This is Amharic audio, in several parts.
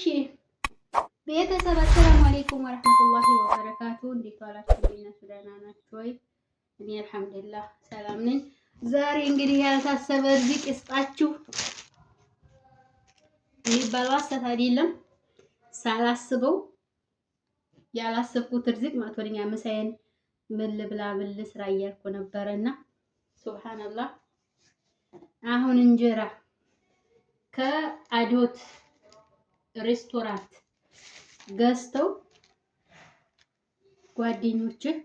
እሺ ቤተሰብ አሰላሙ አለይኩም ወረህመቱላሂ ወበረካቱ። እንዴት ዋላችሁ? ደህና ናችሁ ወይ? እኔ አልሐምዱሊላህ ሰላም ነኝ። ዛሬ እንግዲህ ያልታሰበ እርዚቅ ይስጣችሁ የሚባለው አሳት አይደለም። ሳላስበው ያላሰብኩት እርዝቅ ማቶኛ ምሳዬን ምን ልብላ ምን ልስራ እያልኩ ነበረና ሱብሃነላህ አሁን እንጀራ ከአዶት ሬስቶራንት ገዝተው ጓደኞችህ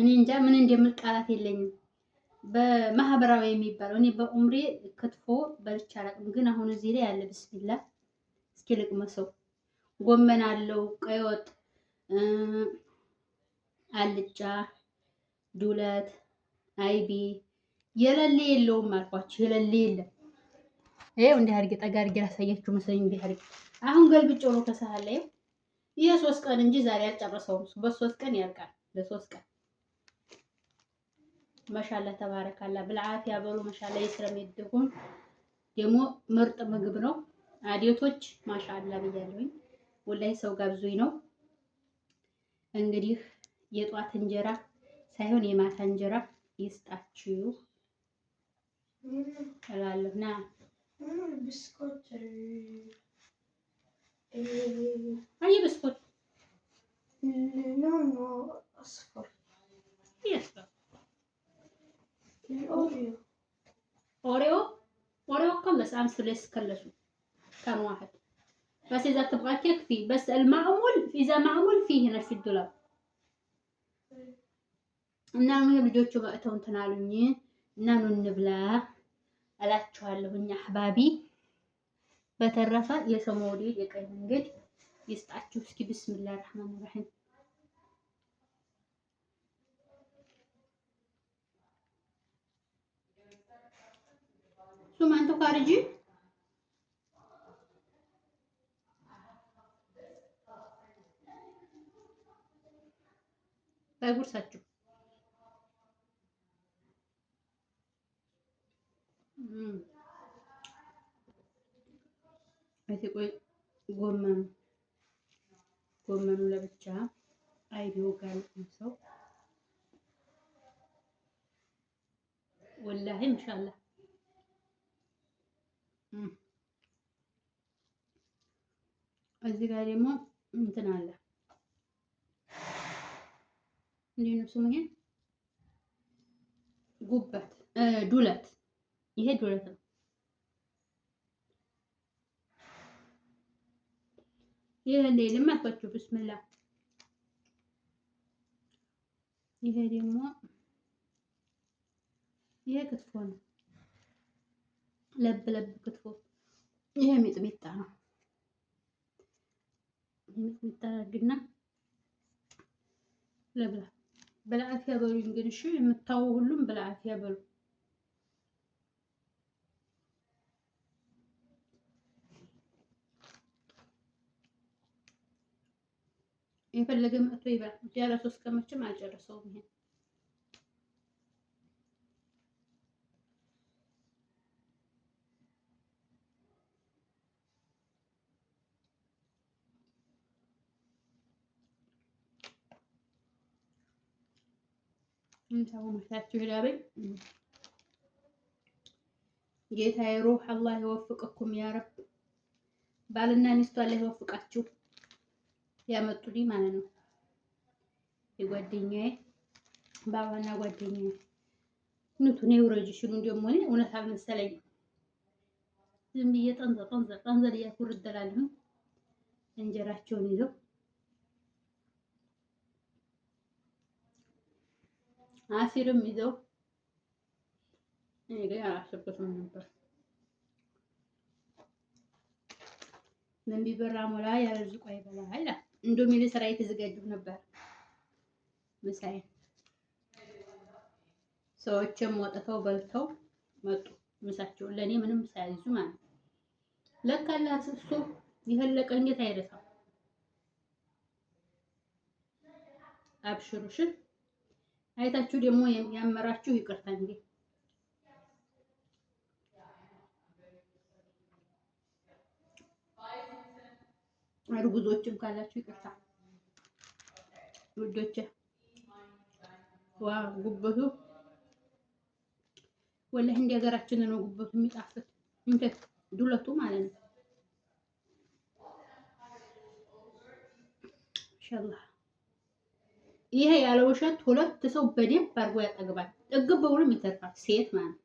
እኔ እንጃ ምን እንደምል ቃላት የለኝም። በማህበራዊ የሚባለው እኔ በኡምሬ ክትፎ በልቼ አላውቅም፣ ግን አሁን እዚህ ላይ ያለ ብስሚላ እስኪ ልቅመሰው። ጎመን አለው፣ ቀይ ወጥ፣ አልጫ፣ ዱለት፣ አይቢ የለሌ የለውም አልኳቸው። የለሌ የለም። ይሄው እንዲህ አድርጌ ጠጋ አድርጌ ላሳያችሁ መሰለኝ። እንዲህ አድርጌ አሁን ገልብጮ ነው ከሰሃን ላይ ይህ ሶስት ቀን እንጂ ዛሬ አልጨረሰውም። በሶስት ቀን ያልቃል። ለሶስት ቀን መሻላ ተባረካላ ብልዓት ያበሉ መሻላ ይስረሚድኩም ደግሞ ምርጥ ምግብ ነው። አዴቶች ማሻላ ብያለሁኝ። ወላይ ሰው ጋብዙኝ ነው እንግዲህ የጧት እንጀራ ሳይሆን የማታ እንጀራ ይስጣችሁ እላለሁ ና بسكوت آه، آه، أي بسكوت؟ لونه أصفر أي أصفر؟ الأوريو يعني أوريو؟ أوريو قلص أمس ليس كلشوا كان واحد بس إذا تبغى كيك فيه بس المعمول إذا معمول فيه هنا في الدولاب እና ምግብ ልጆቹ መጥተው እንትን አሉኝ እና ኑ እንብላ እላችኋለሁኝ አሕባቢ በተረፈ የሰው መውደድ የቀኝ መንገድ ይስጣችሁ። እስኪ ብስሚላ ራህማን ራሂም ሱም ካርጂ አይጉርሳችሁ እ እዚህ ቆይ ጎመኑ ጎመኑ ለብቻ አይብ ይወጋል ሰው ወላሂ ኢንሻአላህ እዚህ ጋር ደግሞ እንትን አለ እንዲህ ነው ስሙ ይሄ ጉበት ዱለት ይሄ ዱለት ነው ይሄ ሌልም አትወጪው ብስምላ። ይሄ ደግሞ ይሄ ክትፎ ነው፣ ለብ ለብ ክትፎ። ይሄ ሚጥሚጣ ነው። ሚጥሚጣ ግና ለብላ በላአፍ ያበሉኝ ግን እሺ፣ የምታው ሁሉም በላአፍ ያበሉ የፈለገ መጥቶ ይበላል። ጀረሶ እስከ መቼም አልጨረሰውም። ይሄን እንታው መታችሁ ይላበኝ ጌታዬ ሩህ አላህ ይወፍቅኩም፣ ያ ረብ ባልና ሚስቱ አላህ ይወፍቃችሁ። ያመጡልኝ ማለት ነው። የጓደኛዬ ባባና ጓደኛዬ ኑቱን የውረጅ ሽሉ ደግሞ እኔ እውነት አልመሰለኝም። ዝም ብዬ ጠንዘ ጠንዘ ጠንዘ ጠንዘል እያኩርደላለሁ እንጀራቸውን ይዘው አሲርም ይዘው እኔ ግን አላሰብኩትም ነበር። ለሚበራ ሞላ ያለ ዝቋ ይበላል። እንዶሚ ለስራ የተዘጋጀሁ ነበር። ምሳዬ ሰዎችም ወጥተው በልተው መጡ። ምሳቸውን ለእኔ ምንም ሳይዙ ማለት ነው። ለካላ እሱ የፈለቀ እንዴት አይረሳም። አብሽሩሽን አይታችሁ ደግሞ ያመራችሁ ይቅርታ እንዴ እርጉዞችም ካላችሁ ይቅርታ ውዶቼ። ዋ ጉበቱ ወላሂ እንደ ሀገራችን ነው ጉበቱ የሚጣፍጥ እንትን ዱለቱ ማለት ነው። ኢንሻአላህ ይሄ ያለ ውሸት ሁለት ሰው በደንብ አድርጎ ያጠግባል። ጥግብ ብሎም ይተርፋል ሴት ማለት ነው።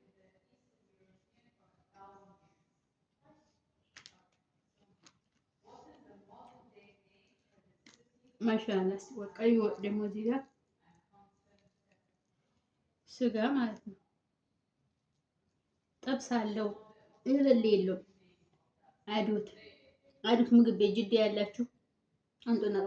ማሻላ ሲወጣ ቀይ ወጥ ደግሞ እዚህ ጋር ስጋ ማለት ነው። ጥብስ አለው እልል የለውም። አዶት አዶት ምግብ ቤት ጅዳ ያላችሁ አንጡና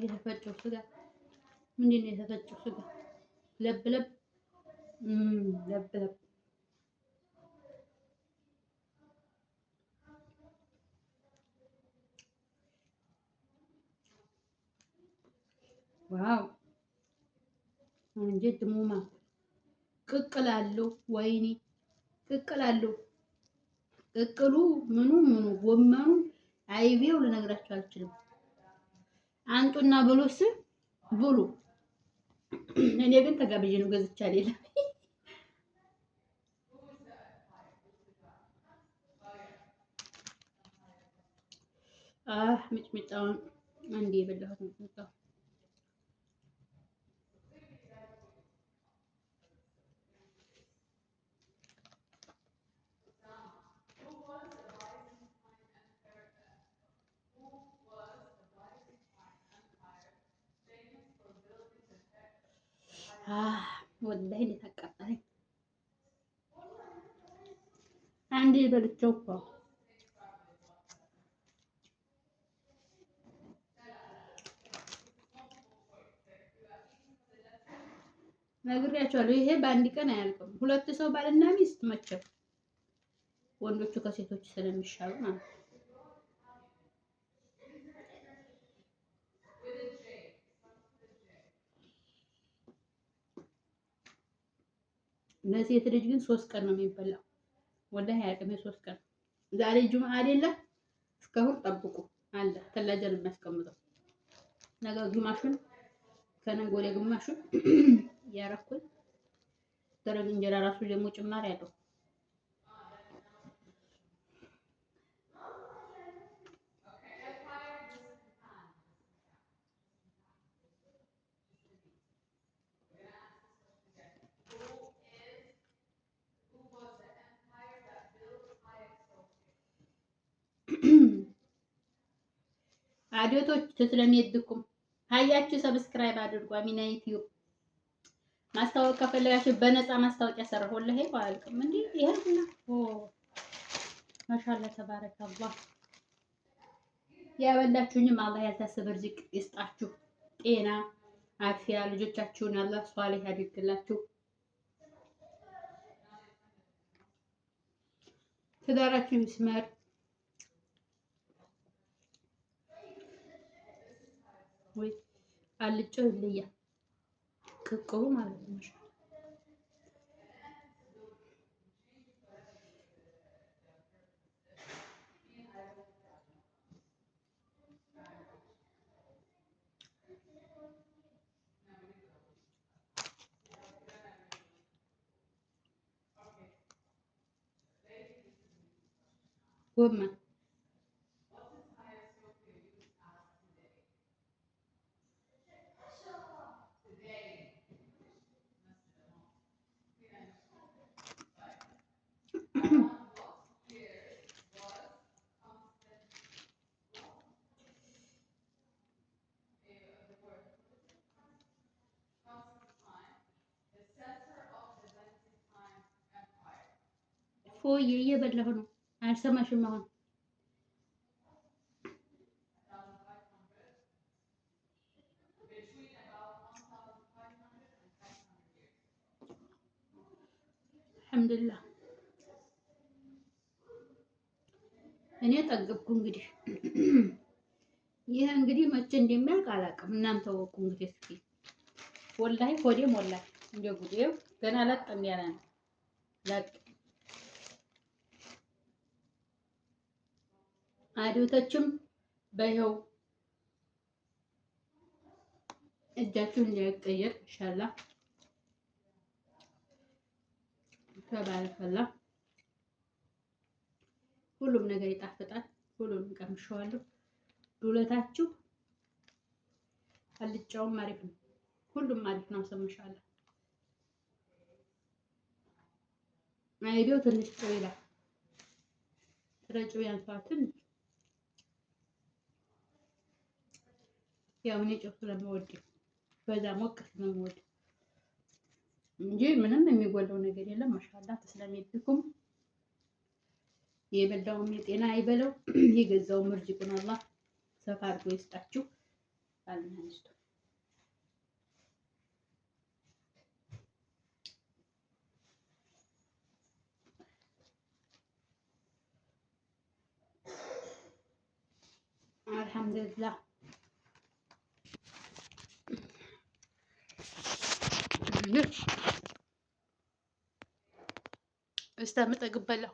የተፈጨው ስጋ ምንድን ነው? የተፈጨው ስጋ ለብ ለብ ለብ ለብ ዋው እንዴት ድሙማ ቅቅል አለው። ወይኔ ቅቅል አለው። ቅቅሉ ምኑ ምኑ ጎመኑ አይቤው ልነግራቸው አልችልም። አንጡና ብሉስ ብሉ። እኔ ግን ተጋብዤ ነው ገዝቻ ሌላ ምጭምጫውን እንዲህ የበላሁት ምጭምጫውን ወላሂ እንዴት አቃጠለኝ። አንዴ በልቼው እኮ ነግሬያቸዋለሁ። ይሄ በአንድ ቀን አያልቅም። ሁለት ሰው ባልና ሚስት መቼም ወንዶቹ ከሴቶች ስለሚሻሉ ማለት ነው። ለሴት ልጅ ግን ሶስት ቀን ነው የሚበላው። ወላሂ አቅሜ ሶስት ቀን ዛሬ ጁምአ አይደለ? እስካሁን ጠብቁ አለ ተላጃ ነው የሚያስቀምጠው። ነገ ግማሹን ከነገ ወዲያ ግማሹን ያረኩኝ ደረቅ እንጀራ ራሱ ደግሞ ጭማሪ አለው። አዶቶች ስለሚያድኩም ሀያችሁ ሰብስክራይብ አድርጉ። አሚና ዩቲዩብ ማስታወቅ ከፈለጋችሁ በነፃ ማስታወቂያ ሰራሁልህ። ይሄ አልቅም እንዴ ይሄና ኦ ተባረከ አላህ ያበላችሁኝም አላህ ያሳስብ፣ ርዝቅ ይስጣችሁ፣ ጤና አፊያ፣ ልጆቻችሁን አላህ ሷሊህ ያድርግላችሁ፣ ትዳራችሁን ይስመር። ወይ አልጫው ይለያል ቅቅሉ ማለት ነው። ጎመን እፎዬ እየበላሁ ነው። አልሰማሽም አሁን አልሐምዱሊላህ እኔ ጠገብኩ። እንግዲህ ይህ እንግዲህ መቼ እንደሚያልቅ አላውቅም። እናንተ ወቁ እንግዲህ እስኪ ወላሂ ሆዴ ሞላ እንደ ጉዴው ገና ለጥ ያለ ነው ለጥ አዶተችም በይኸው እጃችሁን እንዳይቀየር ይሻላ ተባረከላ። ሁሉም ነገር ይጣፍጣል። ሁሉንም ቀምሸዋለሁ። ዱለታችሁ አልጫውም አሪፍ ነው። ሁሉም አሪፍ ነው። ሰምሻለሁ። አይዲዮ ትንሽ ጨው ይላል። ትረጭው ትንሽ ያው እኔ ጨው ስለምወድ በዛ ሞቅ ስለምወድ እንጂ ምንም የሚጎለው ነገር የለም። ማሻላ ተስለሚልኩም የበላውም የጤና አይበለው የገዛውም እርጅቁን አላህ ሰፋ አድርጎ ይስጣችሁ። አልናንስቶ አልሐምዱሊላህ ይሁን እስከምጠግብ በላሁ።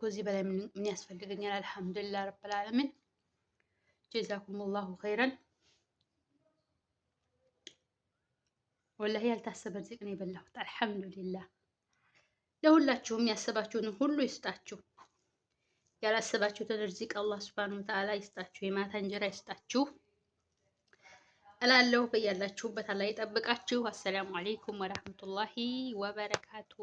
ከዚህ በላይ ምን ያስፈልገኛል? አልሐምዱሊላህ ረብል ዓለሚን። ጀዛኩሙላሁ ኸይረን። ወላሂ ያልታሰበ ርዝቅ ነው የበላሁት። አልሐምዱሊላህ። ለሁላችሁም ያሰባችሁትን ሁሉ ይስጣችሁ። ያላሰባችሁትን ርዝቅ አላህ ሱብሃነሁ ወተዓላ ይስጣችሁ። የማታ እንጀራ ይስጣችሁ። እላለሁ። በያላችሁበት አላህ ይጠብቃችሁ። አሰላሙ አሌይኩም ወረህመቱላሂ ወበረካቱ።